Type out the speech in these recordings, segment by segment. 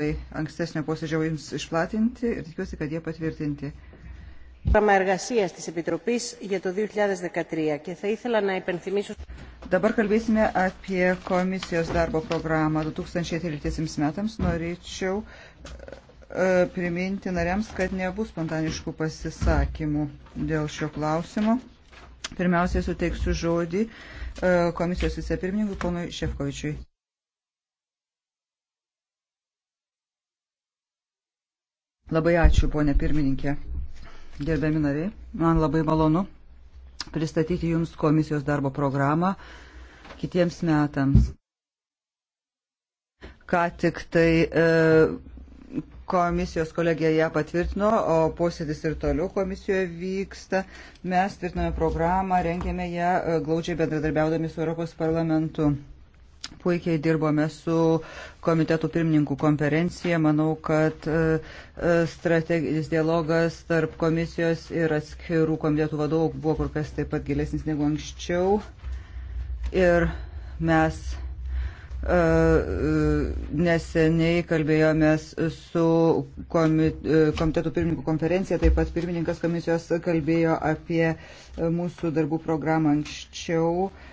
Tai ankstesnio posėdžio jums išplatinti ir tikiuosi, kad jie patvirtinti. Dabar kalbėsime apie komisijos darbo programą 2013 metams. Norėčiau e, priminti nariams, kad nebus spontaniškų pasisakymų dėl šio klausimo. Pirmiausiai suteiksiu žodį e, komisijos vicepirmininkui ponui Šefkovičiui. Labai ačiū, ponė pirmininkė. Gerbiami nariai, man labai malonu pristatyti Jums komisijos darbo programą kitiems metams. Ką tik tai e, komisijos kolegija ją patvirtino, o posėdis ir toliau komisijoje vyksta. Mes tvirtiname programą, rengėme ją e, glaudžiai bendradarbiaudami su Europos parlamentu. Puikiai dirbome su komitetų pirmininkų konferencija. Manau, kad e, e, strateginis dialogas tarp komisijos ir atskirų komitetų vadovų buvo kur kas taip pat gilesnis negu anksčiau. Ir mes e, neseniai kalbėjomės su komitetų pirmininkų konferencija, taip pat pirmininkas komisijos kalbėjo apie mūsų darbų programą anksčiau. Uh,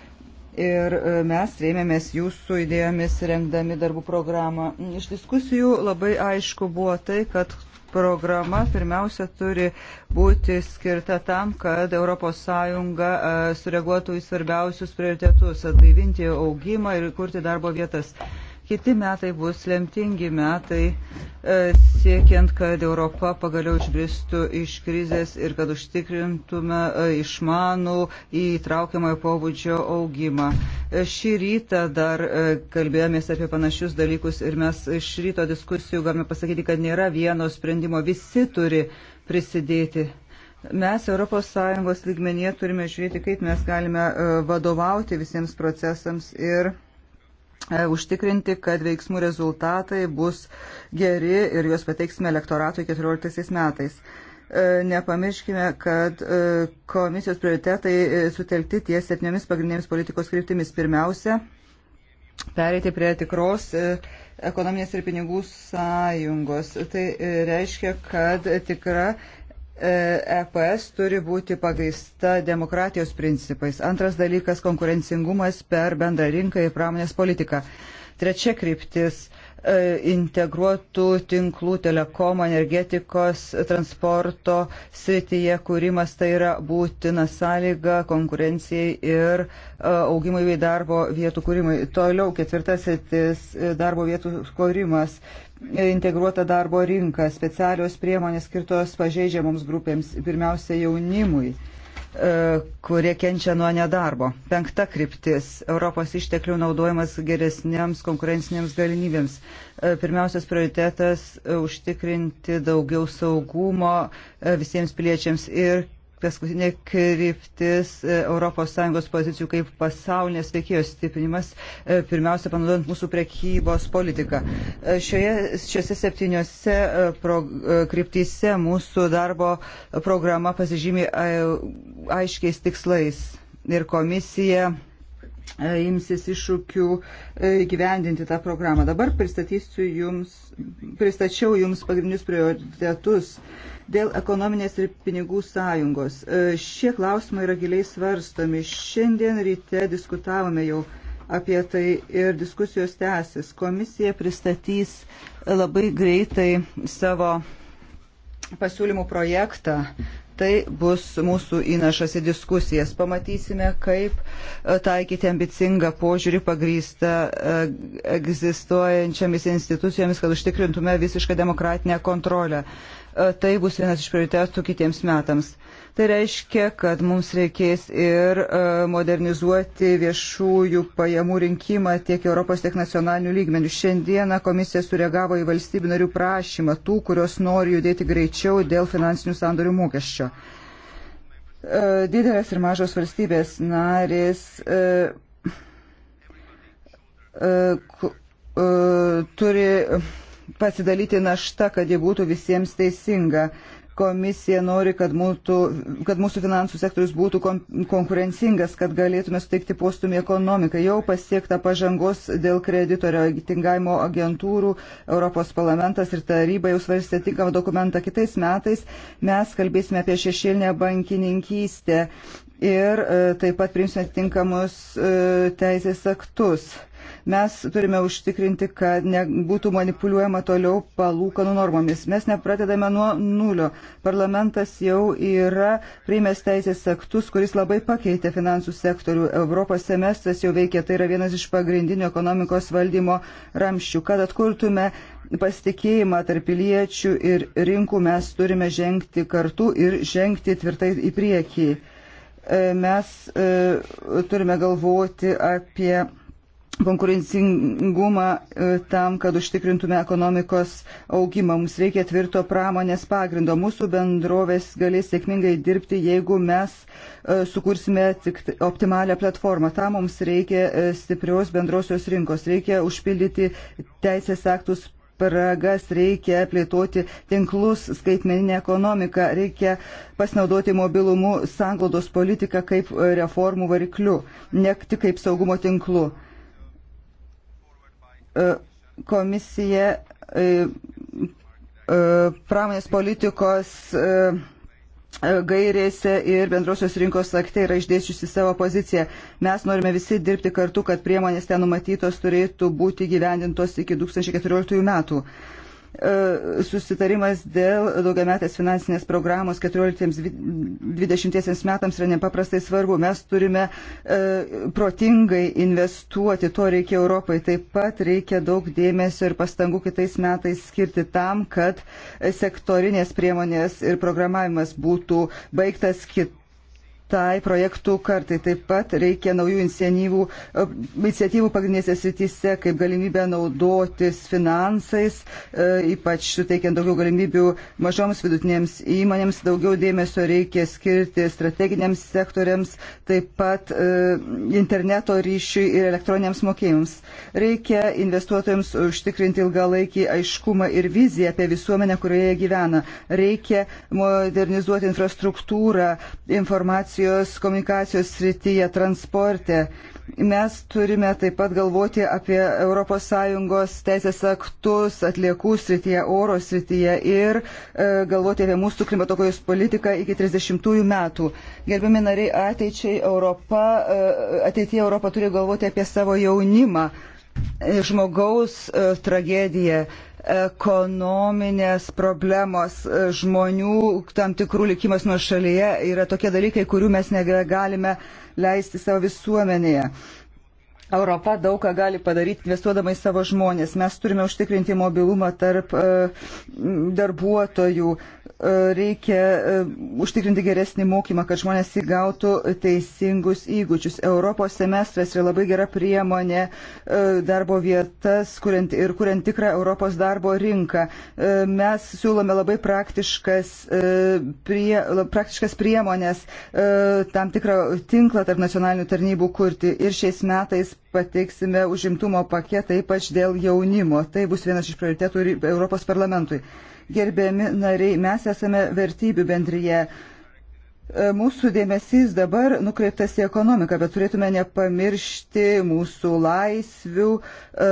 ir e, mes rėmėmės jūsų idėjomis rengdami darbų programą. Iš diskusijų labai aišku buvo tai, kad programa pirmiausia turi būti skirta tam, kad ES e, sureaguotų į svarbiausius prioritetus - atgaivinti augimą ir kurti darbo vietas. Kiti metai bus lemtingi metai, e, siekiant, kad Europa pagaliau išbristų iš krizės ir kad užtikrintume e, išmanų įtraukiamojo pobūdžio augimą. E, šį rytą dar kalbėjomės apie panašius dalykus ir mes iš ryto diskusijų galime pasakyti, kad nėra vieno sprendimo, visi turi prisidėti Mes ES lygmenyje turime žiūrėti, kaip mes galime vadovauti visiems procesams ir E, užtikrinti, kad veiksmų rezultatai bus geri ir juos pateiksime elektoratui 14 metais. E, nepamirškime, kad e, komisijos prioritetai sutelkti ties septynėmis pagrindinėmis politikos kryptimis. Pirmiausia, pereiti prie tikros ekonominės ir pinigų sąjungos. Tai reiškia, kad tikra EPS e turi būti pagrįsta demokratijos principais. Antras dalykas - konkurencingumas per bendrą rinką ir pramonės politiką. Trečia kryptis - e, integruotų tinklų telekomo, energetikos, transporto srityje kūrimas tai yra būtina sąlyga konkurencijai ir e, augimui bei darbo vietų kūrimui. Toliau ketvirtasis - darbo vietų kūrimas integruota darbo rinka, specialios priemonės skirtos pažeidžiamoms grupėms, pirmiausia jaunimui e, kurie kenčia nuo nedarbo. Penkta kryptis - Europos išteklių naudojimas geresniams konkurencinėms galimybėms. E, pirmiausias prioritetas - užtikrinti daugiau saugumo e, visiems piliečiams ir paskutinė kryptis ES pozicijų kaip pasaulinės veikėjos stiprinimas, e, pirmiausia, panaudojant mūsų prekybos politiką. E, šioje, šiuose septyniose e, pro, kryptyse mūsų darbo programa pasižymė aiškiais tikslais ir komisija E, imsis iššūkių e, gyvendinti tą programą. Dabar pristatysiu jums, pristačiau jums pagrindinius prioritetus dėl ekonominės ir pinigų sąjungos. E, šie klausimai yra giliai svarstomi. Šiandien ryte diskutavome jau apie tai ir diskusijos tęsis. Komisija pristatys labai greitai savo pasiūlymų projektą tai bus mūsų įnašas į diskusijas. Pamatysime, kaip e, taikyti ambicingą požiūrį pagrįstą e, egzistuojančiamis institucijomis, kad užtikrintume visišką demokratinę kontrolę. E, tai bus vienas iš prioritetų kitiems metams. Tai reiškia, kad mums reikės ir e, modernizuoti viešųjų pajamų rinkimą tiek Europos, tiek nacionalinių lygmenių. Šiandieną komisija sureagavo į valstybių narių prašymą tų, kurios nori judėti greičiau dėl finansinių sandorių mokesčio. E, didelės ir mažos valstybės narės turi pasidalyti naštą, kad ji būtų visiems teisinga. Komisija nori, kad, mūtų, kad mūsų finansų sektorius būtų kom, konkurencingas, kad galėtume suteikti postumį ekonomiką. Jau pasiektą pažangos dėl kredito reitingavimo agentūrų Europos parlamentas ir taryba jau svarstė tinkamą dokumentą. Kitais metais mes kalbėsime apie šešėlinę bankininkystę ir e, taip pat priimsime tinkamus e, teisės aktus. Mes turime užtikrinti, kad nebūtų manipuliuojama toliau palūkanų normomis. Mes nepradedame nuo nulio. Parlamentas jau yra priimęs teisės aktus, kuris labai pakeitė finansų sektorių. Europos semestras jau veikia, tai yra vienas iš pagrindinių ekonomikos valdymo ramščių. Kad atkurtume pasitikėjimą tarp piliečių ir rinkų mes turime žengti kartu ir žengti tvirtai į priekį. E, mes e, turime galvoti apie konkurencingumą e, tam, kad užtikrintume ekonomikos augimą. Mums reikia tvirto pramonės pagrindo. Mūsų bendrovės galės sėkmingai dirbti, jeigu mes e, sukursime tik optimalią platformą. Tam mums reikia e, stiprios bendrosios rinkos. Reikia užpildyti teisės aktus spragas, reikia plėtoti tinklus, skaitmeninę ekonomiką, reikia pasinaudoti mobilumu sanglaudos politiką kaip reformų varikliu, ne tik kaip saugumo tinklu. E, komisija e, e, pramonės politikos gairėse ir bendrosios rinkos akte yra išdėščiusi savo poziciją. Mes norime visi dirbti kartu, kad priemonės ten numatytos turėtų būti gyvendintos iki 2014 metų. E, susitarimas dėl daugiametės finansinės programos 14-20 metams yra nepaprastai svarbu. Mes turime e, protingai investuoti, to reikia Europai. Taip pat reikia daug dėmesio ir pastangų kitais metais skirti tam, kad sektorinės priemonės ir programavimas būtų baigtas kitai tai projektų kartai. Taip pat reikia naujų iniciatyvų, iniciatyvų pagrindinėse srityse, kaip galimybė naudotis finansais, e, ypač suteikiant daugiau galimybių mažoms vidutinėms įmonėms, daugiau dėmesio reikia skirti strateginiams sektoriams, taip pat e, interneto ryšiui ir elektroniniams mokėjimams. Reikia investuotojams užtikrinti ilgalaikį aiškumą ir viziją apie visuomenę, kurioje gyvena. Reikia modernizuoti infrastruktūrą, informaciją inovacijos komunikacijos srityje, transporte. Mes turime taip pat galvoti apie ES teisės aktus atliekų srityje, oro srityje ir e, galvoti apie mūsų klimatokojus politiką iki 30 metų. Gerbiami nariai, ateičiai Europa, e, ateityje Europa turi galvoti apie savo jaunimą žmogaus e, tragedija, ekonominės problemos, e, žmonių tam tikrų likimas nuo šalyje yra tokie dalykai, kurių mes negalime leisti savo visuomenėje. Europa daug ką gali padaryti investuodama į savo žmonės. Mes turime užtikrinti mobilumą tarp e, darbuotojų, e, reikia e, užtikrinti geresnį mokymą, kad žmonės įgautų teisingus įgūdžius. Europos semestras yra labai gera priemonė darbo vietas kuriant ir kuriant tikrą Europos darbo rinką. Mes siūlome labai praktiškas, prie, praktiškas priemonės tam tikrą tinklą tarp nacionalinių tarnybų kurti. Ir šiais metais pateiksime užimtumo paketą, ypač dėl jaunimo. Tai bus vienas iš prioritetų ir Europos parlamentui. Gerbiami nariai, mes esame vertybių bendryje. E, mūsų dėmesys dabar nukreiptas į ekonomiką, bet turėtume nepamiršti mūsų laisvių, e,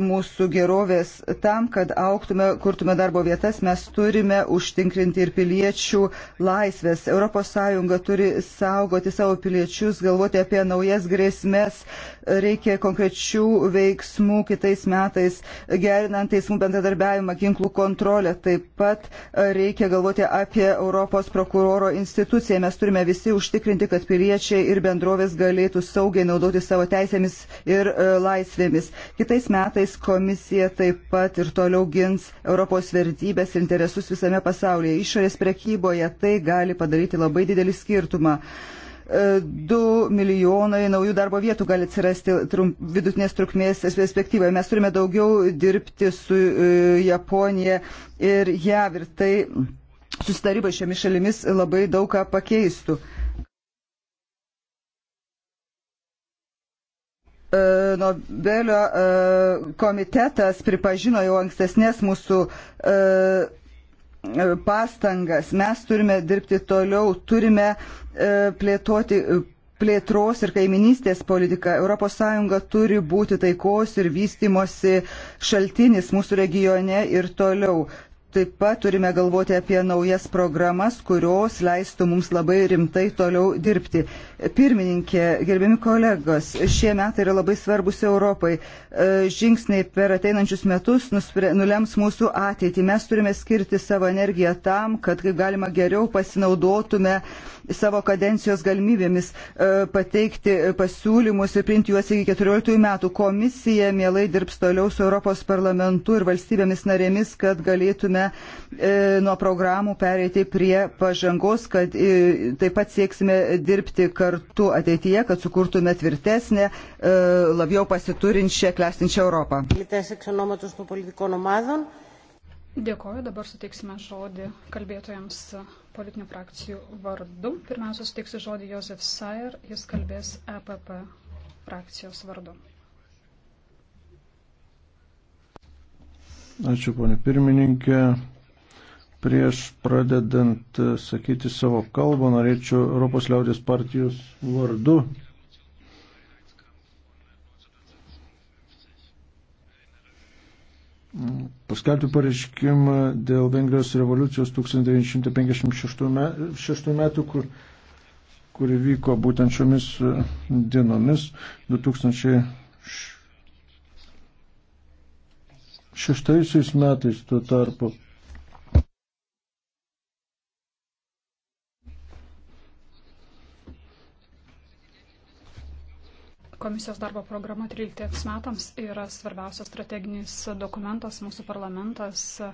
mūsų gerovės. Tam, kad auktume, kurtume darbo vietas, mes turime užtinkrinti ir piliečių laisvės. ES turi saugoti savo piliečius, galvoti apie naujas grėsmės reikia konkrečių veiksmų kitais metais, gerinant teismų bendradarbiavimą, ginklų kontrolę. Taip pat e, reikia galvoti apie Europos prokuroro instituciją. Mes turime visi užtikrinti, kad piliečiai ir bendrovės galėtų saugiai naudoti savo teisėmis ir e, laisvėmis. Kitais metais komisija taip pat ir toliau gins Europos vertybės ir interesus visame pasaulyje. Išorės prekyboje tai gali padaryti labai didelį skirtumą. Uh, 2 milijonai naujų darbo vietų gali atsirasti trump, vidutinės trukmės perspektyvoje. Mes turime daugiau dirbti su e, Japonija ir JAV ir tai susitarybai šiomis šalimis labai daug ką pakeistų. E, Nobelio e, komitetas pripažino jau ankstesnės mūsų pastangas. Mes turime dirbti toliau, turime uh, E, plėtoti e, plėtros ir kaiminystės politika. ES turi būti taikos ir vystimosi šaltinis mūsų regione ir toliau. Taip pat turime galvoti apie naujas programas, kurios leistų mums labai rimtai toliau dirbti. Pirmininkė, gerbiami kolegos, šie metai yra labai svarbus Europai. E, žingsniai per ateinančius metus nulems mūsų ateitį. Mes turime skirti savo energiją tam, kad kaip galima geriau pasinaudotume savo kadencijos galimybėmis e, pateikti e, pasiūlymus ir priimti juos iki 14 metų. Komisija mielai dirbs toliau su Europos parlamentu ir valstybėmis narėmis, kad galėtume e, nuo programų pereiti prie pažangos, kad taip pat sieksime dirbti kartu ateityje, kad sukurtume tvirtesnę, labiau pasiturinčią, klestinčią Europą. Dėkoju, dabar suteiksime žodį kalbėtojams politinių frakcijų vardu. Pirmiausia, suteiksiu žodį Josef Sayer, jis kalbės EPP frakcijos vardu. Ačiū, ponė pirmininkė. Prieš pradedant sakyti savo kalbą, norėčiau Europos liaudės partijos vardu paskelbti pareiškimą dėl Vengrijos revoliucijos 1956 metų, kur, kuri vyko būtent šiomis e, dienomis 2006 metais tuo tarpu. Komisijos darbo programa 13 metams yra svarbiausias strateginis dokumentas mūsų parlamentas e,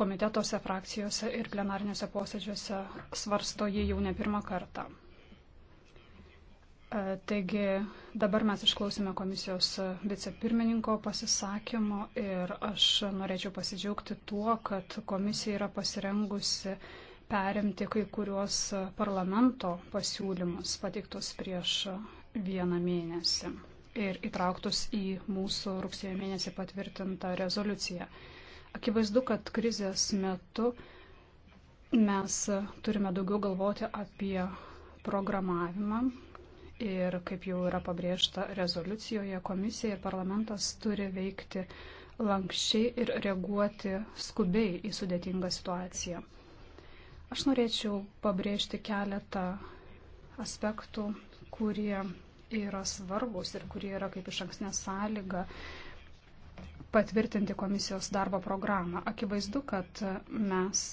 komitetuose, frakcijose ir plenariniuose posėdžiuose svarsto jį jau ne pirmą kartą. E, taigi dabar mes išklausime komisijos vicepirmininko pasisakymo ir aš norėčiau pasidžiaugti tuo, kad komisija yra pasirengusi perimti kai kuriuos parlamento pasiūlymus pateiktus prieš vieną mėnesį ir įtrauktus į mūsų rugsėjo mėnesį patvirtintą rezoliuciją. Akivaizdu, kad krizės metu mes turime daugiau galvoti apie programavimą ir, kaip jau yra pabrėžta rezoliucijoje, komisija ir parlamentas turi veikti lankščiai ir reaguoti skubiai į sudėtingą situaciją. Aš norėčiau pabrėžti keletą aspektų, kurie yra svarbus ir kurie yra kaip iš anksnė sąlyga patvirtinti komisijos darbo programą. Akivaizdu, kad mes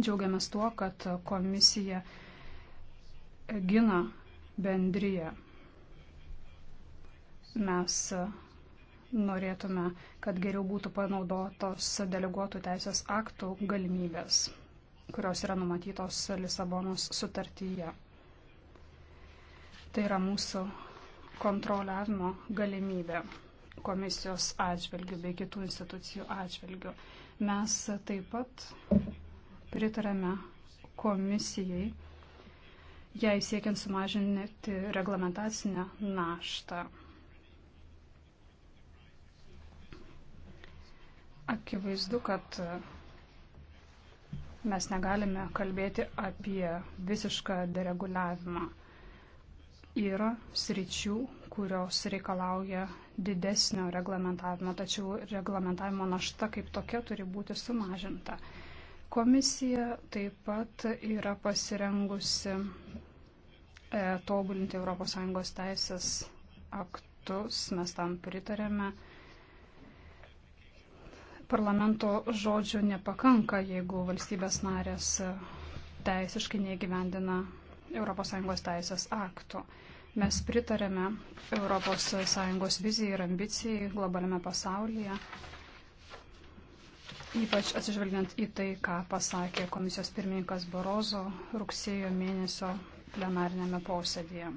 džiaugiamės tuo, kad komisija gina bendryje. Mes norėtume, kad geriau būtų panaudotos deleguotų teisės aktų galimybės, kurios yra numatytos Lisabonos sutartyje. Tai yra mūsų kontroliavimo galimybė komisijos atžvilgių bei kitų institucijų atžvilgių. Mes taip pat pritarame komisijai, jai siekiant sumažinti reglamentacinę naštą. Akivaizdu, kad mes negalime kalbėti apie visišką dereguliavimą. Yra sričių, kurios reikalauja didesnio reglamentavimo, tačiau reglamentavimo našta kaip tokia turi būti sumažinta. Komisija taip pat yra pasirengusi e, tobulinti ES teisės aktus, mes tam pritarėme. Parlamento žodžių nepakanka, jeigu valstybės narės teisiškai neįgyvendina ES teisės aktų. Mes pritarėme ES vizijai ir ambicijai globaliame pasaulyje, ypač atsižvelgiant į tai, ką pasakė komisijos pirmininkas Barozo rugsėjo mėnesio plenarinėme posėdėje.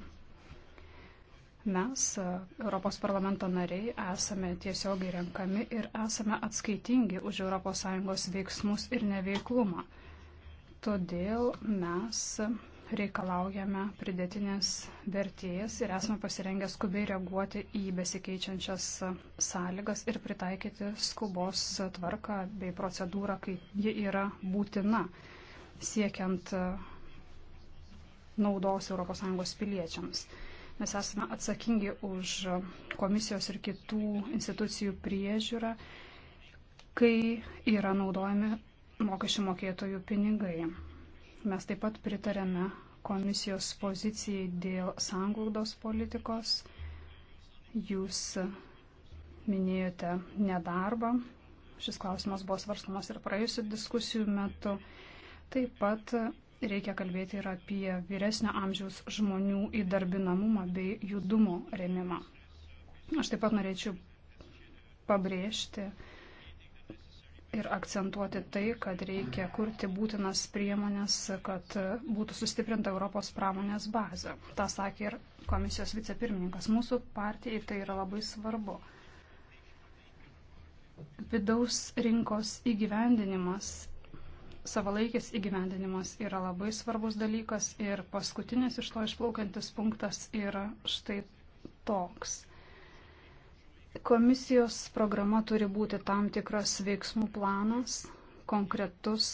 Mes, Europos parlamento nariai, esame tiesiogiai renkami ir esame atskaitingi už ES veiksmus ir neveiklumą. Todėl mes reikalaujame pridėtinės vertėjas ir esame pasirengę skubiai reaguoti į besikeičiančias sąlygas ir pritaikyti skubos tvarką bei procedūrą, kai ji yra būtina siekiant naudos ES piliečiams. Mes esame atsakingi už komisijos ir kitų institucijų priežiūrą, kai yra naudojami mokesčių mokėtojų pinigai. Mes taip pat pritarėme komisijos pozicijai dėl sanglaudos politikos. Jūs minėjote nedarbą. Šis klausimas buvo svarstamas ir praėjusių diskusijų metu. Taip pat reikia kalbėti ir apie vyresnio amžiaus žmonių įdarbinamumą bei judumo remimą. Aš taip pat norėčiau pabrėžti, ir akcentuoti tai, kad reikia kurti būtinas priemonės, kad būtų sustiprinta Europos pramonės bazė. Ta sakė ir komisijos vicepirmininkas. Mūsų partijai tai yra labai svarbu. Vidaus rinkos įgyvendinimas, savalaikis įgyvendinimas yra labai svarbus dalykas ir paskutinis iš to išplaukiantis punktas yra štai toks Komisijos programa turi būti tam tikras veiksmų planas, konkretus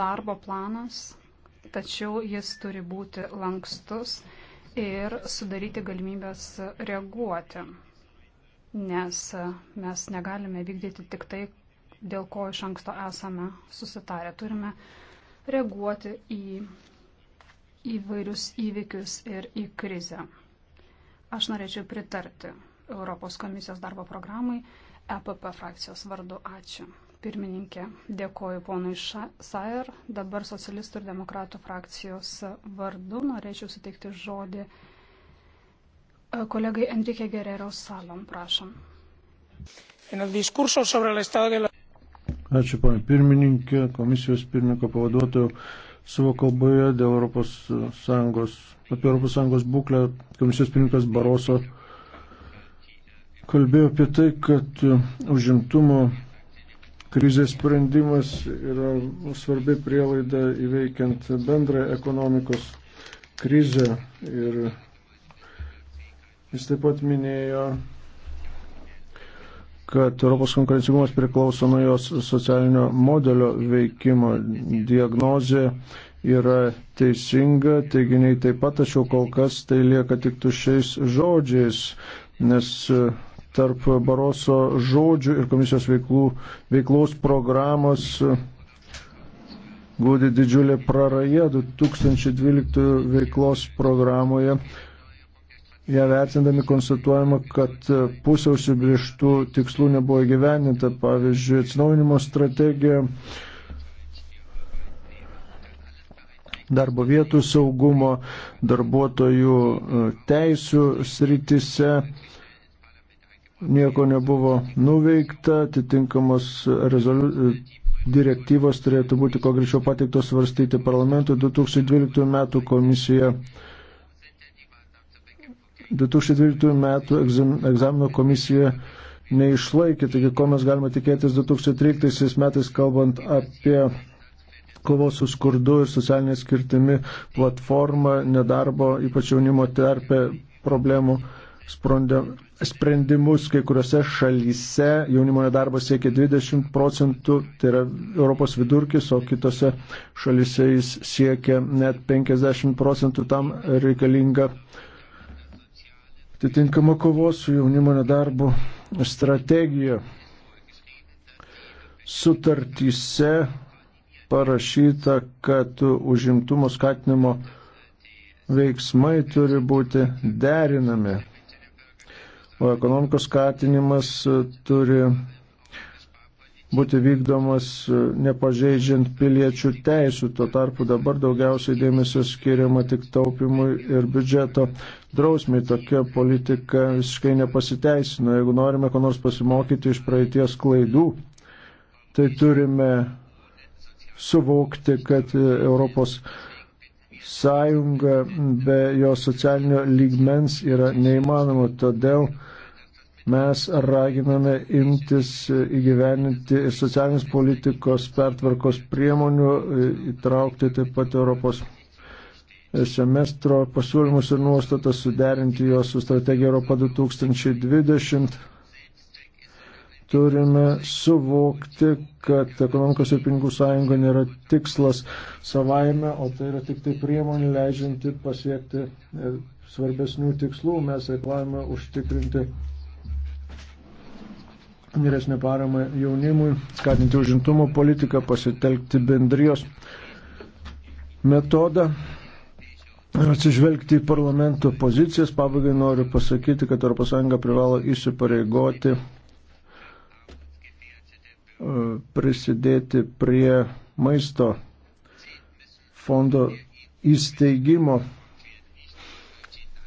darbo planas, tačiau jis turi būti lankstus ir sudaryti galimybės reaguoti, nes mes negalime vykdyti tik tai, dėl ko iš anksto esame susitarę. Turime reaguoti į įvairius įvykius ir į krizę. Aš norėčiau pritarti Europos komisijos darbo programai EPP frakcijos vardu. Ačiū. Pirmininkė, dėkoju ponui Sair. Dabar socialistų ir demokratų frakcijos vardu norėčiau suteikti žodį e, kolegai Enrique Guerrero Salom. Prašom. Ačiū, ponė pirmininkė, komisijos pirmininko pavaduotojų savo kalboje dėl ES, apie ES būklę komisijos pirmininkas Baroso kalbėjo apie tai, kad e, užimtumo krizės sprendimas yra svarbi prielaida įveikiant bendrą ekonomikos krizę. Ir jis taip pat minėjo, kad Europos konkurencingumas priklauso nuo jos socialinio modelio veikimo. Diagnozė yra teisinga, teiginiai taip pat, tačiau kol kas tai lieka tik tušiais žodžiais, nes tarp Baroso žodžių ir komisijos veiklų, veiklos programos e, glūdi didžiulė praraja 2012 veiklos programoje. Ja vertindami konstatuojama, kad e, pusė užsibrieštų tikslų nebuvo įgyveninta, pavyzdžiui, atsinaujinimo strategija, darbo vietų saugumo, darbuotojų e, teisų sritise nieko nebuvo nuveikta, atitinkamos rezoliu... direktyvos turėtų būti kuo greičiau pateiktos svarstyti parlamentui. 2012 metų komisija 2012 metų egzamino komisija neišlaikė, taigi ko mes galime tikėtis 2013 metais, kalbant apie kovos su skurdu ir socialinė skirtimi platformą, nedarbo, ypač jaunimo terpę problemų sprendimus kai kuriuose šalyse jaunimo nedarbas siekia 20 procentų, tai yra Europos vidurkis, o kitose šalyse jis siekia net 50 procentų, tam reikalinga atitinkama kovos su jaunimo nedarbu strategija. Sutartyse parašyta, kad užimtumo skatinimo veiksmai turi būti derinami o ekonomikos skatinimas e, turi būti vykdomas e, nepažeidžiant piliečių teisų. Tuo tarpu dabar daugiausiai dėmesio skiriama tik taupimui ir biudžeto drausmiai. Tokia politika visiškai nepasiteisina. Jeigu norime ko nors pasimokyti iš praeities klaidų, tai turime suvokti, kad e, Europos sąjunga be jo socialinio lygmens yra neįmanoma. Todėl mes raginame imtis įgyveninti ir socialinės politikos pertvarkos priemonių, įtraukti taip pat Europos semestro pasiūlymus ir nuostatas, suderinti juos su strategija Europa 2020. Turime suvokti, kad ekonomikos ir pinigų sąjunga nėra tikslas savaime, o tai yra tik tai priemonė leidžianti pasiekti e, svarbesnių tikslų. Mes reikalavome užtikrinti vyresnę paramą jaunimui, skatinti užimtumo politiką, pasitelkti bendrijos metodą, atsižvelgti į parlamento pozicijas. Pabaigai noriu pasakyti, kad ES privalo įsipareigoti e, prisidėti prie maisto fondo įsteigimo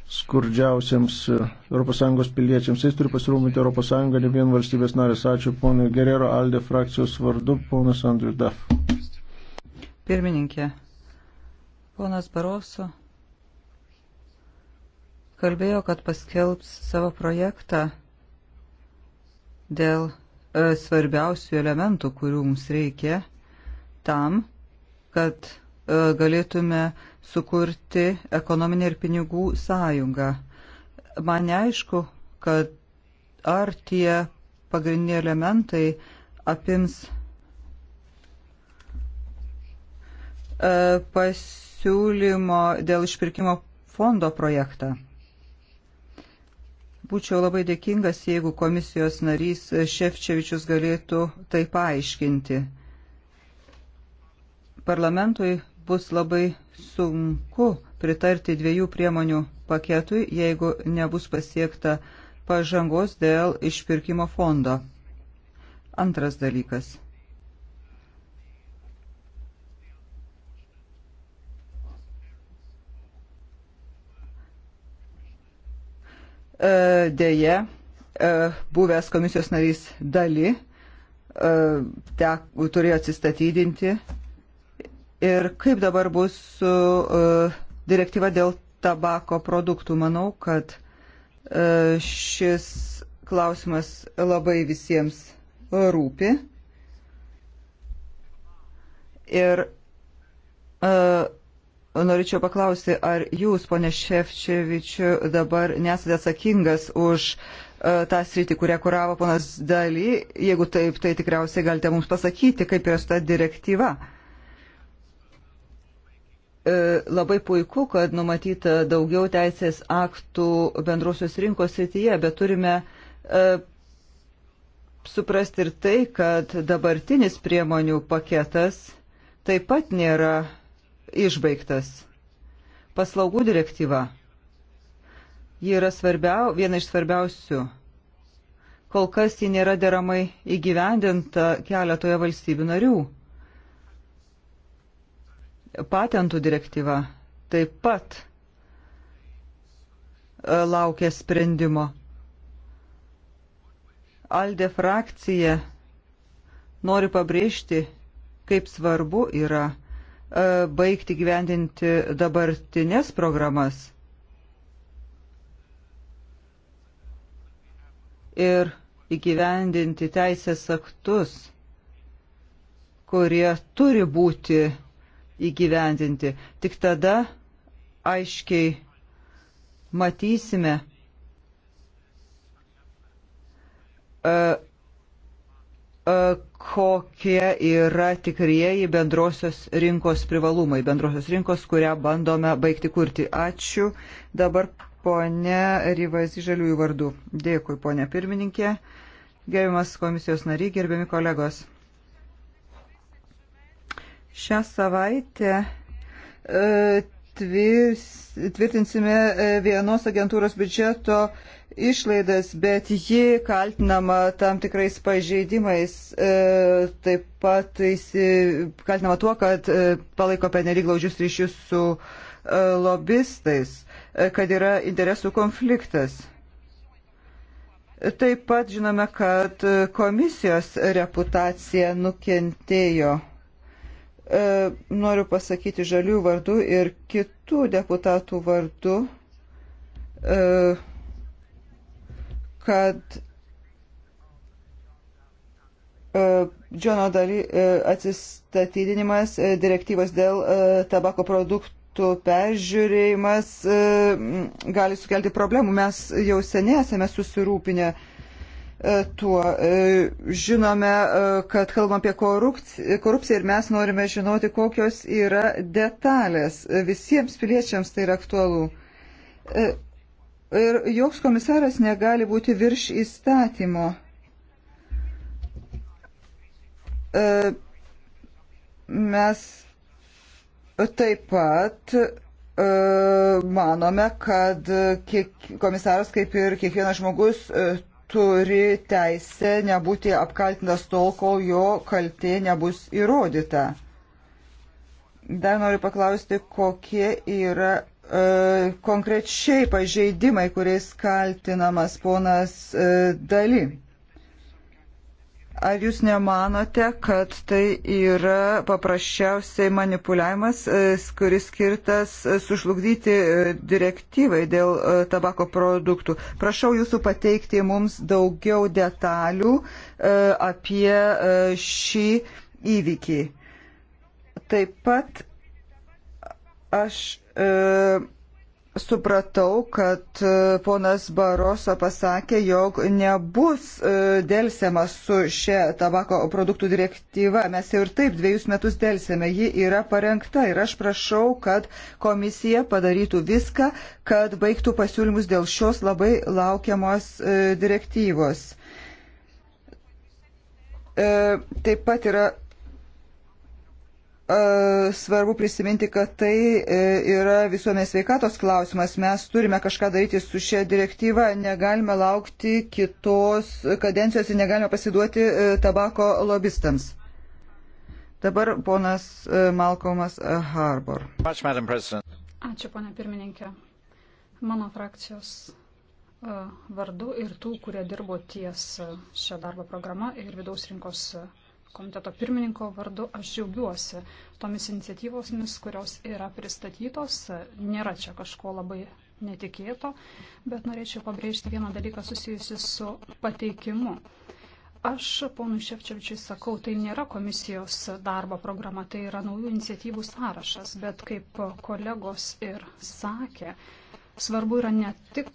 skurdžiausiams e, ES piliečiams. Jis turi pasirūpinti ES, ne vien valstybės narės. Ačiū ponui Gerero Alde frakcijos vardu, ponas Andriu Daf. Pirmininkė, ponas Baroso kalbėjo, kad paskelbs savo projektą dėl e, svarbiausių elementų, kurių mums reikia tam, kad e, galėtume sukurti ekonominę ir pinigų sąjungą. Man neaišku, kad ar tie pagrindiniai elementai apims e, pasiūlymo dėl išpirkimo fondo projektą. Būčiau labai dėkingas, jeigu komisijos narys Šefčevičius galėtų tai paaiškinti. Parlamentui bus labai sunku pritarti dviejų priemonių paketui, jeigu nebus pasiekta pažangos dėl išpirkimo fondo. Antras dalykas. E, Deja, e, buvęs komisijos narys Dali e, te, turėjo atsistatydinti Ir kaip dabar bus su uh, direktyva dėl tabako produktų? Manau, kad uh, šis klausimas labai visiems rūpi. Ir uh, norėčiau paklausti, ar jūs, ponė Šefčevičiu, dabar nesate atsakingas už uh, tą sritį, kurią kuravo ponas Daly. Jeigu taip, tai tikriausiai galite mums pasakyti, kaip yra su ta direktyva. Uh, E, labai puiku, kad numatyta daugiau teisės aktų bendrosios rinkos srityje, bet turime e, suprasti ir tai, kad dabartinis priemonių paketas taip pat nėra išbaigtas. Paslaugų direktyva. Ji yra svarbiau, viena iš svarbiausių. Kol kas ji nėra deramai įgyvendinta keletoje valstybių narių. Patentų direktyva taip pat e, laukia sprendimo. Alde frakcija nori pabrėžti, kaip svarbu yra e, baigti gyvendinti dabartinės programas. Ir įgyvendinti teisės aktus, kurie turi būti įgyvendinti. Tik tada aiškiai matysime, e, e, kokie yra tikrieji bendrosios rinkos privalumai, bendrosios rinkos, kurią bandome baigti kurti. Ačiū. Dabar ponė Ryvas Žaliųjų vardu. Dėkui, ponė pirmininkė. Gerbiamas komisijos nariai, gerbiami kolegos. Šią savaitę e, tvirtinsime e, vienos agentūros biudžeto išlaidas, bet ji kaltinama tam tikrais pažeidimais, e, taip pat kaltinama tuo, kad palaiko pernelyg glaudžius ryšius su lobistais, kad yra interesų konfliktas. Taip pat žinome, kad komisijos reputacija nukentėjo E, noriu pasakyti žalių vardų ir kitų deputatų vardų, e, kad e, Džono daly atsistatydinimas, direktyvos dėl tabako produktų peržiūrėjimas gali sukelti problemų. Mes jau seniai esame susirūpinę uh, E, tuo. E, žinome, e, kad kalbam apie korupciją ir mes norime žinoti, kokios yra detalės. Visiems piliečiams tai yra aktualu. Ir joks komisaras negali būti virš įstatymo. Mes taip pat manome, kad kiek, komisaras, kaip ir kiekvienas žmogus, turi teisę nebūti apkaltintas tol, kol jo kaltė nebus įrodyta. Dar noriu paklausti, kokie yra e, konkrečiai pažeidimai, kuriais kaltinamas ponas e, Dali. Ar jūs nemanote, kad tai yra paprasčiausiai manipuliavimas, e, kuris skirtas e, sužlugdyti e, direktyvai dėl tabako produktų? Prašau jūsų pateikti mums daugiau detalių apie šį įvykį. Taip pat aš. E, supratau, kad e, ponas Baroso pasakė, jog nebus e, dėlsiama su šia tabako produktų direktyva. Mes jau ir taip dviejus metus dėlsime. Ji yra parengta ir aš prašau, kad komisija padarytų viską, kad baigtų pasiūlymus dėl šios labai laukiamos e, direktyvos. Taip pat yra E, svarbu prisiminti, kad tai e, yra visuomenės veikatos klausimas. Mes turime kažką daryti su šia direktyva, negalime laukti kitos kadencijos ir negalime pasiduoti e, tabako lobistams. Dabar ponas Malcolmas Harbor. Ačiū, ponė pirmininkė. Mano frakcijos vardu ir tų, kurie dirbo ties šią darbo programą ir vidaus rinkos programą komiteto pirmininko vardu aš džiaugiuosi tomis iniciatyvosmis, kurios yra pristatytos. Nėra čia kažko labai netikėto, bet norėčiau pabrėžti vieną dalyką susijusi su pateikimu. Aš ponui Ševčevičiui sakau, tai nėra komisijos darbo programa, tai yra naujų iniciatyvų sąrašas, bet kaip kolegos ir sakė, Svarbu yra ne tik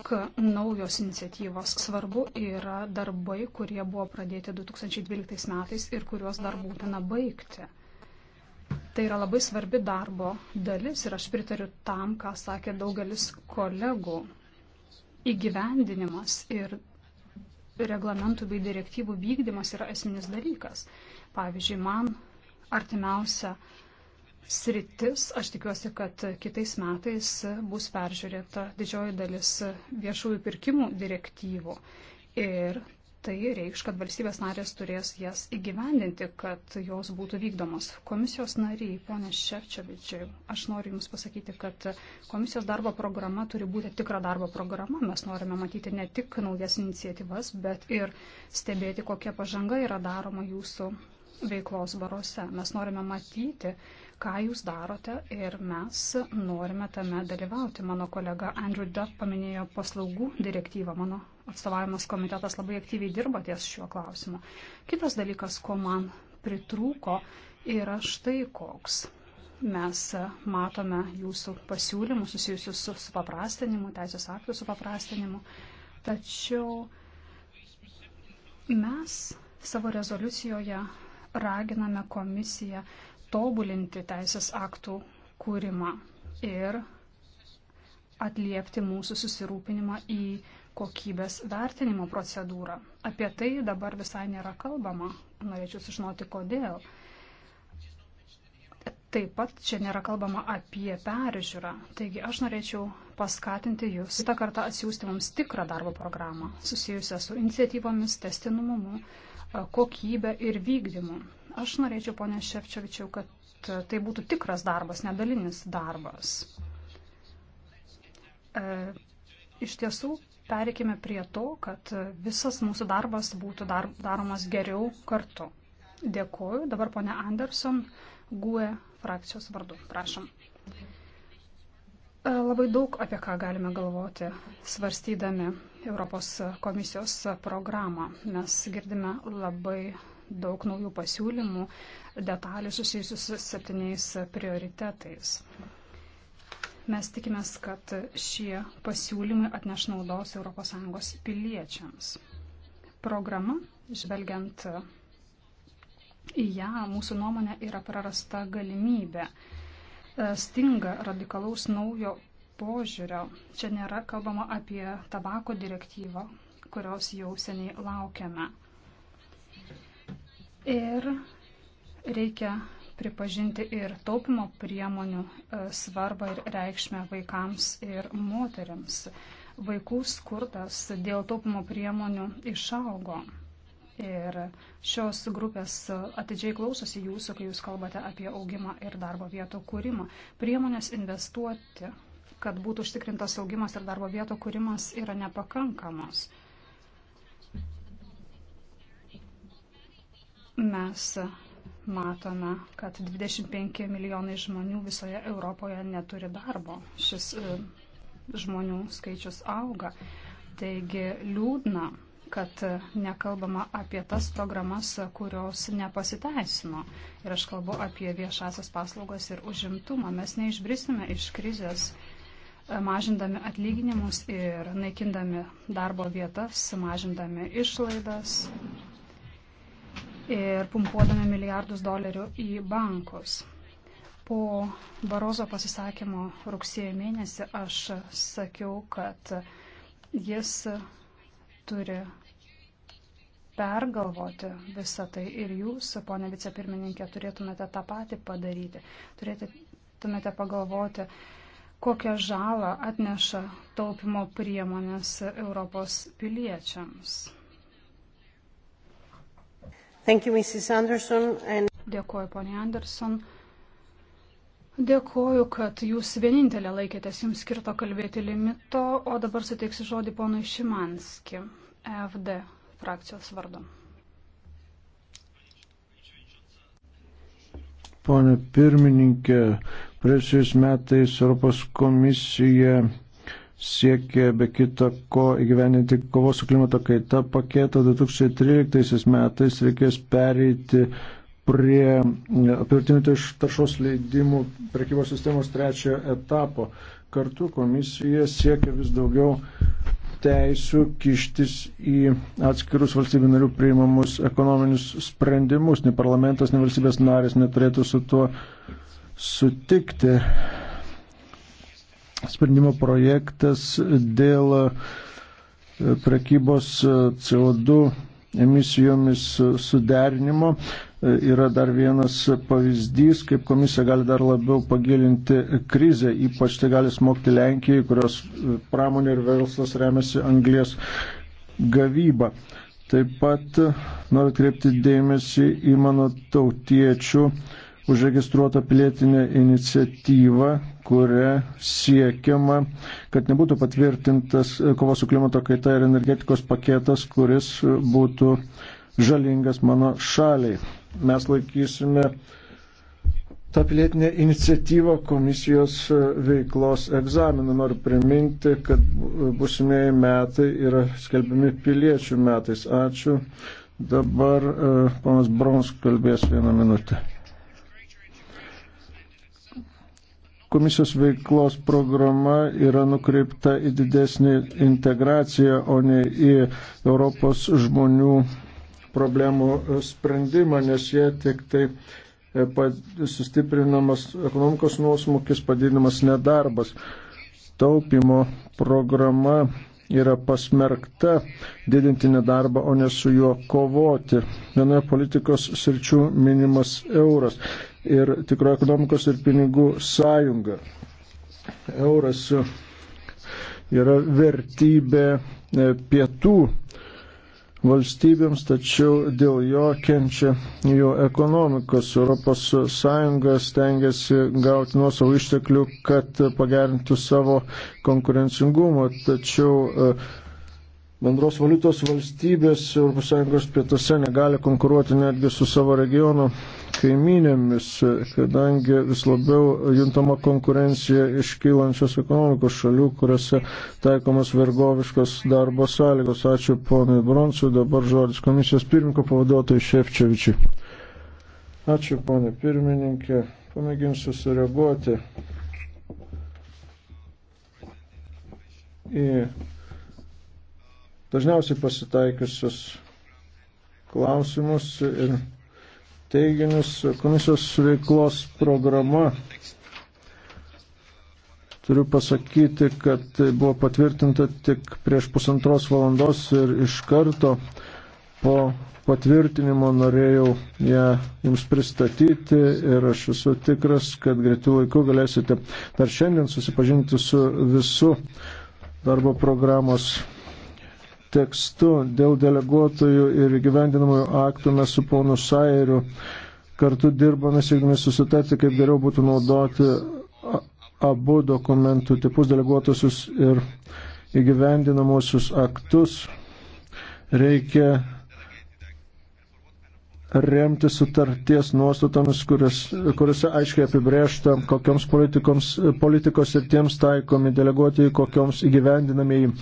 naujos iniciatyvos, svarbu yra darbai, kurie buvo pradėti 2012 metais ir kuriuos dar būtina baigti. Tai yra labai svarbi darbo dalis ir aš pritariu tam, ką sakė daugelis kolegų. Įgyvendinimas ir reglamentų bei direktyvų vykdymas yra esminis dalykas. Pavyzdžiui, man artimiausia sritis. Aš tikiuosi, kad kitais metais bus peržiūrėta didžioji dalis viešųjų pirkimų direktyvų. Ir tai reikš, kad valstybės narės turės jas įgyvendinti, kad jos būtų vykdomos. Komisijos nariai, ponė Ševčiovičiai, aš noriu Jums pasakyti, kad komisijos darbo programa turi būti tikra darbo programa. Mes norime matyti ne tik naujas iniciatyvas, bet ir stebėti, kokia pažanga yra daroma Jūsų veiklos baruose. Mes norime matyti, ką jūs darote ir mes norime tame dalyvauti. Mano kolega Andrew Duff paminėjo paslaugų direktyvą. Mano atstovavimas komitetas labai aktyviai dirba ties šiuo klausimu. Kitas dalykas, ko man pritrūko, yra štai koks. Mes matome jūsų pasiūlymų susijusius su supaprastinimu, teisės aktų supaprastinimu, tačiau mes savo rezoliucijoje raginame komisiją tobulinti teisės aktų kūrimą ir atliepti mūsų susirūpinimą į kokybės vertinimo procedūrą. Apie tai dabar visai nėra kalbama. Norėčiau sužinoti, kodėl. Taip pat čia nėra kalbama apie peržiūrą. Taigi aš norėčiau paskatinti jūs kitą kartą atsiųsti mums tikrą darbo programą susijusią su iniciatyvomis, testinumu, kokybę ir vykdymą. Aš norėčiau, ponė Ševčiovičiau, kad tai būtų tikras darbas, nedalinis darbas. E, iš tiesų, pereikime prie to, kad visas mūsų darbas būtų dar, daromas geriau kartu. Dėkuoju. Dabar ponė Anderson, GUE frakcijos vardu. Prašom. E, labai daug apie ką galime galvoti, svarstydami Europos komisijos programą. Mes girdime labai daug naujų pasiūlymų, detalių susijusių su septyniais prioritetais. Mes tikimės, kad šie pasiūlymai atneš naudos ES piliečiams. Programa, žvelgiant į ją, mūsų nuomonė yra prarasta galimybė. Stinga radikalaus naujo požiūrio. Čia nėra kalbama apie tabako direktyvą, kurios jau seniai laukiame. Ir reikia pripažinti ir taupimo priemonių e, svarbą ir reikšmę vaikams ir moteriams. Vaikų skurdas dėl taupimo priemonių išaugo. Ir šios grupės atidžiai klausosi jūsų, kai jūs kalbate apie augimą ir darbo vietų kūrimą. Priemonės investuoti kad būtų užtikrintas augimas ir darbo vieto kūrimas, yra nepakankamos. Mes matome, kad 25 milijonai žmonių visoje Europoje neturi darbo. Šis e, žmonių skaičius auga. Taigi liūdna, kad nekalbama apie tas programas, kurios nepasiteisino. Ir aš kalbu apie viešasias paslaugas ir užimtumą. Mes neišbrisime iš krizės mažindami atlyginimus ir naikindami darbo vietas, mažindami išlaidas ir pumpuodami milijardus dolerių į bankus. Po Barozo pasisakymo rugsėjo mėnesį aš sakiau, kad jis turi pergalvoti visą tai ir jūs, ponė vicepirmininkė, turėtumėte tą patį padaryti. Turėtumėte pagalvoti, uh, kokią žalą atneša taupimo priemonės Europos piliečiams. Thank you, Mrs. Anderson. And... Dėkuoju, ponė Anderson. Dėkuoju, kad jūs vienintelė laikėtės jums skirto kalbėti limito, o dabar suteiksiu žodį ponui Šimanski, FD frakcijos vardu. Pone pirmininkė, praėjusiais metais Europos komisija siekė be kita ko įgyveninti kovos su klimato kaita paketą 2013 metais reikės pereiti prie e, apirtinių taršos leidimų prekybos sistemos trečiojo etapo. Kartu komisija siekia vis daugiau teisų kištis į atskirus valstybių narių priimamus ekonominius sprendimus. Ne parlamentas, ne valstybės narės neturėtų su tuo sutikti. Sprendimo projektas dėl prekybos CO2 emisijomis suderinimo e, yra dar vienas pavyzdys, kaip komisija gali dar labiau pagilinti krizę, ypač tai gali smokti Lenkijai, kurios e, pramonė ir verslas remiasi anglės gavybą. Taip pat e, noriu kreipti dėmesį į mano tautiečių uh, užregistruota pilietinė iniciatyva, kuria siekiama, kad nebūtų patvirtintas kovos su klimato kaita ir energetikos paketas, kuris būtų žalingas mano šaliai. Mes laikysime tą pilietinę iniciatyvą komisijos veiklos egzaminą. Noriu priminti, kad busimieji metai yra skelbiami piliečių metais. Ačiū. Dabar uh, e, panas Brons kalbės vieną minutę. Komisijos veiklos programa yra nukreipta į didesnį integraciją, o ne į Europos žmonių problemų sprendimą, nes jie tik tai e, sustiprinamas ekonomikos nuosmukis, padidinamas nedarbas. Taupimo programa yra pasmerkta didinti nedarbą, o ne su juo kovoti. Vienoje politikos sričių minimas euras ir tikro ekonomikos ir pinigų sąjunga. Euras yra vertybė e, pietų valstybėms, tačiau dėl jo kenčia jų ekonomikos. ES stengiasi gauti nuo savo išteklių, kad pagerintų savo konkurencingumą, tačiau uh, bendros valiutos valstybės ES pietuose negali konkuruoti netgi su savo regiono kaiminėmis, kadangi vis labiau juntama konkurencija iškylančios ekonomikos šalių, kuriuose taikomas vergoviškos darbo sąlygos. Ačiū ponui Bronsui, dabar žodis komisijos pirmininko pavaduotojai Šefčevičiui. Ačiū ponė pirmininkė, pamėginsiu sureaguoti į dažniausiai pasitaikiusius klausimus ir teiginius. Komisijos veiklos programa. Turiu pasakyti, kad tai buvo patvirtinta tik prieš pusantros valandos ir iš karto po patvirtinimo norėjau ją jums pristatyti ir aš esu tikras, kad greitų laikų galėsite dar šiandien susipažinti su visu darbo programos tekstu dėl deleguotojų ir gyvendinamųjų aktų mes su ponu Sairiu kartu dirbame, siekdami susitarti, kaip geriau būtų naudoti abu dokumentų tipus deleguotusius ir įgyvendinamosius aktus. Reikia remti sutarties nuostatomis, kuris, kuriuose aiškiai apibrėžta, kokioms politikos ir tiems taikomi deleguotieji, kokioms įgyvendinamieji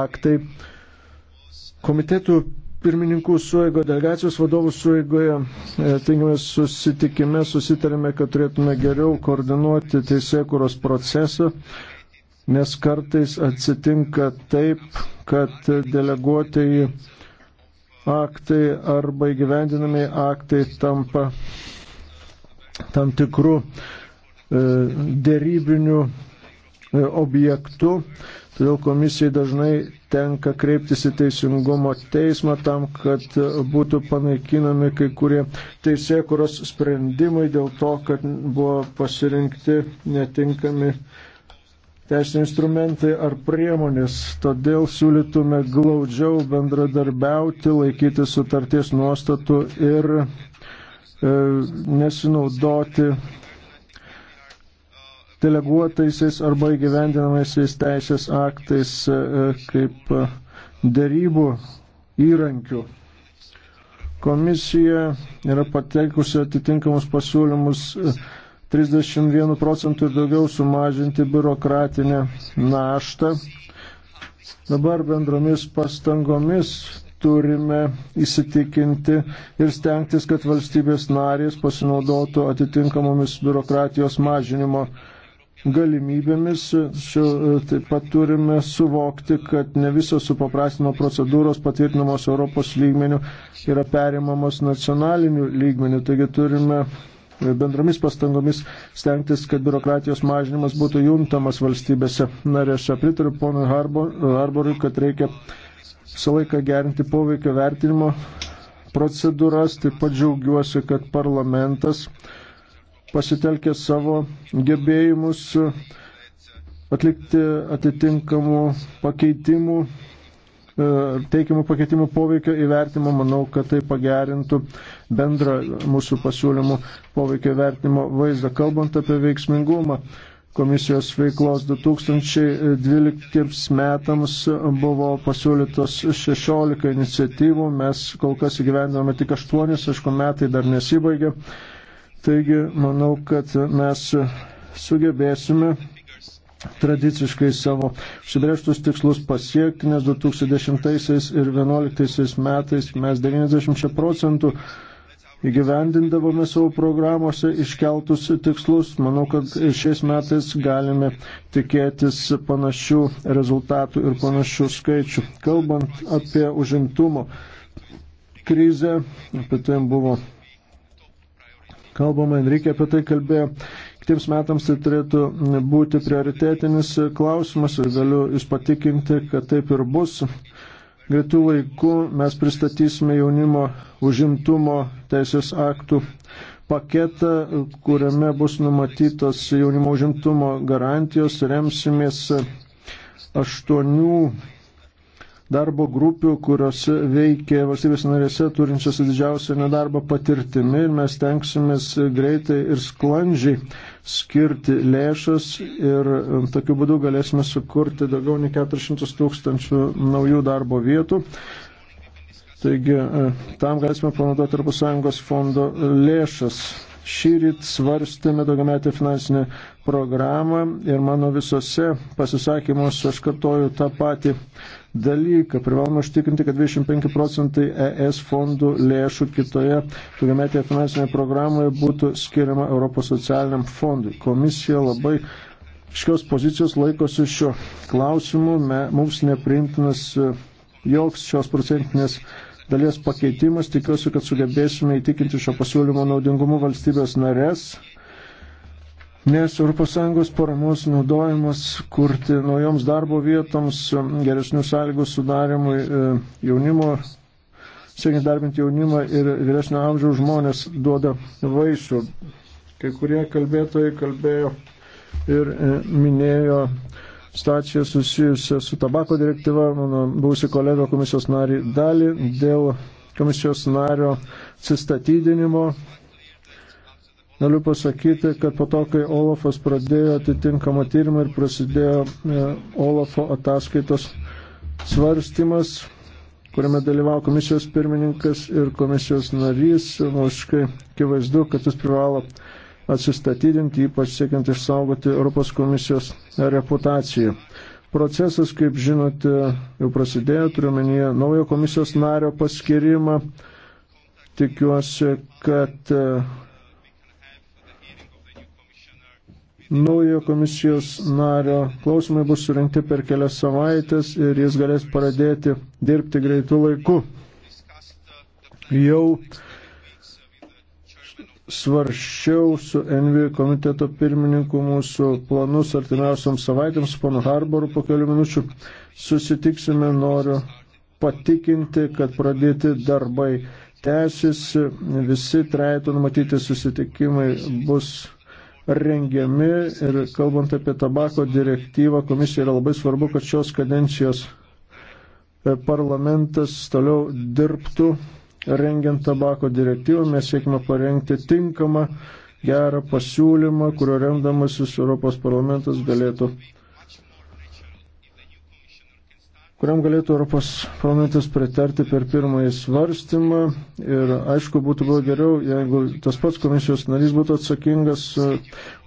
aktai. Komitetų pirmininkų suėgo, delegacijos vadovų suėgoje, e, tingiame susitikime, susitarėme, kad turėtume geriau koordinuoti teisėkuros procesą, nes kartais atsitinka taip, kad deleguotieji aktai arba įgyvendinami aktai tampa tam tikrų e, dėrybinių e, objektų Todėl komisijai dažnai tenka kreiptis į teisingumo teismą tam, kad būtų panaikinami kai kurie teisėkuros sprendimai dėl to, kad buvo pasirinkti netinkami teisiniai instrumentai ar priemonės. Todėl siūlytume glaudžiau bendradarbiauti, laikyti sutarties nuostatų ir e, nesinaudoti deleguotaisiais arba įgyvendinamaisiais teisės aktais e, e, kaip e, darybų įrankių. Komisija yra pateikusi atitinkamus pasiūlymus 31 procentų ir daugiau sumažinti biurokratinę naštą. Dabar bendromis pastangomis turime įsitikinti ir stengtis, kad valstybės narės pasinaudotų atitinkamomis biurokratijos mažinimo galimybėmis. Šiuo, taip pat turime suvokti, kad ne visos supaprastinimo procedūros patvirtinamos Europos lygmenių yra perimamos nacionalinių lygmenių. Taigi turime bendromis pastangomis stengtis, kad biurokratijos mažinimas būtų juntamas valstybėse narėse. Pritariu ponui Harborui, kad reikia visą laiką gerinti poveikio vertinimo procedūras. Taip pat džiaugiuosi, kad parlamentas pasitelkę savo gebėjimus atlikti atitinkamų pakeitimų, e, teikiamų pakeitimų poveikio įvertimo, manau, kad tai pagerintų bendrą mūsų pasiūlymų poveikio įvertimo vaizdą. Kalbant apie veiksmingumą, komisijos veiklos 2012 metams buvo pasiūlytos 16 iniciatyvų, mes kol kas įgyvendiname tik 8, aišku, metai dar nesibaigė. Taigi, manau, kad mes sugebėsime tradiciškai savo užsibrėžtus tikslus pasiekti, nes 2010 ir 2011 metais mes 90 procentų įgyvendindavome savo programuose iškeltus tikslus. Manau, kad šiais metais galime tikėtis panašių rezultatų ir panašių skaičių. Kalbant apie užimtumo krizę, apie tai buvo kalbama, Enrique apie tai kalbėjo. Kitiems metams tai turėtų būti prioritetinis klausimas ir galiu Jūs patikinti, kad taip ir bus. Greitų laikų mes pristatysime jaunimo užimtumo teisės aktų paketą, kuriame bus numatytos jaunimo užimtumo garantijos, remsimės aštuonių darbo grupių, kurios veikia valstybės narėse turinčios didžiausią nedarbą patirtimi ir mes tenksimės greitai ir sklandžiai skirti lėšas ir e, tokiu būdu galėsime sukurti daugiau nei 400 tūkstančių naujų darbo vietų. Taigi e, tam galėsime panaudoti ES fondo lėšas. Šįryt svarstėme daugiametę finansinę programą ir mano visose pasisakymuose aš kartoju tą patį dalyką. Privaloma užtikrinti, kad 25 procentai ES fondų lėšų kitoje daugiametėje finansinėje programoje būtų skiriama Europos socialiniam fondui. Komisija labai šios pozicijos laikosi šio klausimu. Mums nepriimtinas e, joks šios procentinės dalies pakeitimas. Tikiuosi, kad sugebėsime įtikinti šio pasiūlymo naudingumu valstybės narės nes ES paramos naudojimas kurti naujoms darbo vietoms, geresnių sąlygų sudarimui e, jaunimo, siekiant darbinti jaunimą ir vyresnio amžiaus žmonės duoda vaisių. Kai kurie kalbėtojai kalbėjo ir e, minėjo staciją susijusią su tabako direktyva, mano būsi kolega komisijos narį dalį dėl komisijos nario atsistatydinimo Galiu pasakyti, kad po to, kai Olafas pradėjo atitinkamą tyrimą ir prasidėjo e, Olafo ataskaitos svarstymas, kuriame dalyvavo komisijos pirmininkas ir komisijos narys, visiškai akivaizdu, kad jis privalo atsistatydinti, ypač siekiant išsaugoti Europos komisijos reputaciją. Procesas, kaip žinote, jau prasidėjo, turiu menyje naujo komisijos nario paskirimą. Tikiuosi, kad e, naujo komisijos nario klausimai bus surinkti per kelias savaitės ir jis galės pradėti dirbti greitų laikų. Jau svarščiau su Envi komiteto pirmininku mūsų planus artimiausiams savaitėms, ponu Harboru po kelių minučių susitiksime, noriu patikinti, kad pradėti darbai tęsis, visi trejato numatyti susitikimai bus rengiami ir kalbant apie tabako direktyvą, komisija yra labai svarbu, kad šios kadencijos e, parlamentas toliau dirbtų rengiant tabako direktyvą. Mes siekime parengti tinkamą, gerą pasiūlymą, kurio remdamasis Europos parlamentas galėtų kuriam galėtų Europos parlamentas pritarti per pirmąjį svarstymą. Ir aišku, būtų buvo geriau, jeigu tas pats komisijos narys būtų atsakingas e,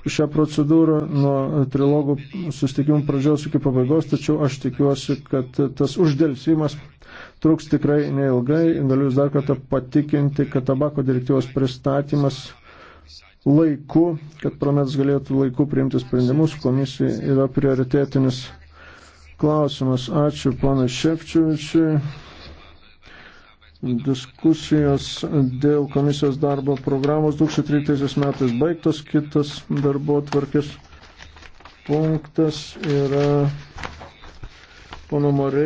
už šią procedūrą nuo trilogų sustikimų pradžios iki pabaigos, tačiau aš tikiuosi, kad tas uždėlsimas truks tikrai neilgai. Galiu jūs dar kartą patikinti, kad tabako direktyvos pristatymas laiku, kad parlamentas galėtų laiku priimti sprendimus, komisija yra prioritėtinis klausimas. Ačiū pana Šepčiovičiui. Diskusijos dėl komisijos darbo programos 2013 metais baigtos. Kitas darbo tvarkės punktas yra pono Morei.